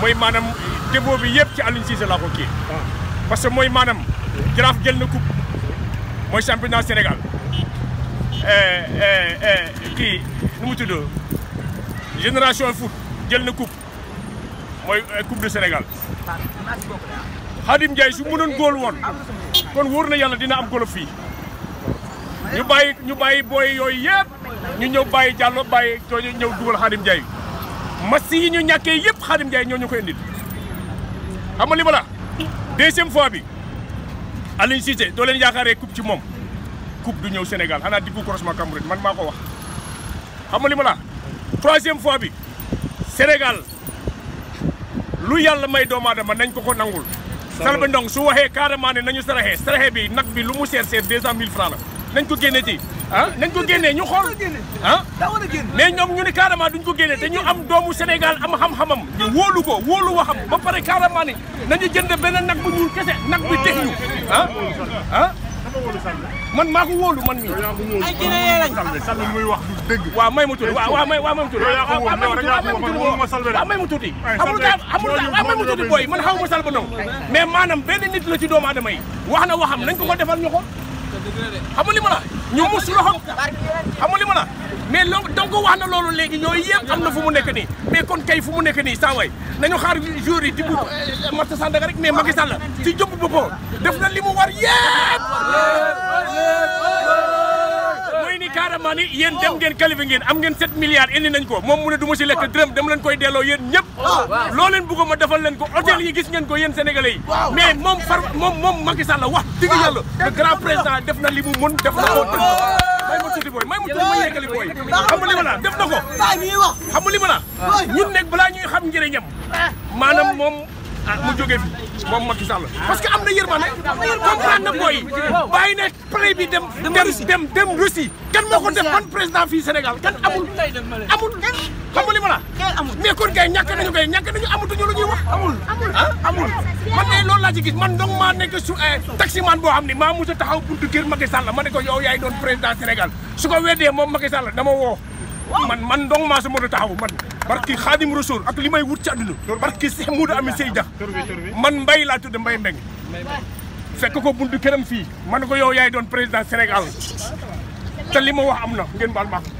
mooy maanaam déggoo bi yëpp ci Aliou Cissé laa kii. parce que mooy maanaam Jaraaf jël na coupe mooy championnat Sénégal eh, eh, eh, kii nu mu tudd génération foot jël na coupe mooy coupe du Sénégal. Khadim Ndiaye su mënoon góol woon kon wóor na yàlla dina am golo fii ñu bàyyi ñu bàyyi booy yooyu yëpp ñu ñëw bàyyi Diallo bàyyi ñëw dugal Khadim Ndiaye. match yi ñu ñàkkee yëpp Khadim Ndiaye ñoo ñu ko indil xam nga li ma la deuxième fois bi Aliou Cissé doo leen yaakaaree coupe ci moom coupe du ñëw Sénégal xanaa di ko croisement Cameroun man maa ko wax xam nga li ma la troisième fois bi Sénégal lu yàlla may doomu aadama nañ ko ko nangul Selbé Ndom su waxee carrément ne nañu saraxee saraxee bi nag bi lu mu seer seer deux cent mille francs la nañ ko génne ti ah nañ ko génnee ñu xool ah mais ñoom ñu ne carrément duñ ko génnee te ñu am doomu Sénégal am xam-xamam ñu wóolu ko wóolu waxam ba pare carrément ni nañu jënd benn nag bu ñuul kese nag bi teg ñu ah ah man maa ko wóolu man a ay jëlee lañ. Sall muy wax may ma tuuti waaw waaw may waaw may ma tuuti. waaw waaw booy man xaw ma Sall ba noonu mais maanaam benn nit la ci doomu aadama yi wax na waxam nañ ko ko defal ñu xool xamul li ma la ñu mus loxo xamul li ma la mais loolu donc wax na loolu léegi ñooy yëpp am na fu mu nekk nii mais kon kay fu mu nekk nii saa waay nañu xaar jour yi di bu eh, eh, Marta Sandaga rek mais Macky Sall ci jëmb boppam def na li mu war yépp carrément ni yéen dem ngeen qualifié ngeen am ngeen 7 milliards indi nañ ko moom mu ne du si lekk dërëm dama leen koy delloo yéen ñëpp ah, loo leen defal leen ko hôtel yi gis ngeen ko yéen sénégalais yi moom far moom moom Macky wax dëgg yàlla ah. le grand président def na li mun def na ko ah. may ma tuuti booy may ma tuuti ma yeggali booy xam nga li ma la def na ko xam nga li ma la ñun nekk balaa ñuy xam njëriñam maanaam moom Ah, mu jóge fi moom ma Sall parce que am na yërmande comprendre na booy bàyyi ne play bi dem dem dem Russie kan moo ko def ban président fii Sénégal kan amul amul xam nga li ma la mais kon kay ñàkk nañu kay ñàkk nañu amatuñu lu ñuy wax amul ah amul man ne loolu laa ci gis man donc maa nekk su eh, taximan boo xam ne maa mos a taxaw buntu kër Macky Sall ma ne ko yow yaay doon président Sénégal su ko weddee moom Macky Sall dama woo man man donc maa sa moto taxaw barki xaadim rasul ak li may wut ci àdduna barki Seex Muudu Ami Sey man mbay laa tudd mbay mbeng fekk ko buntu këram fii man ko yow yaay doon président Sénégal te li ma am na ngeen baal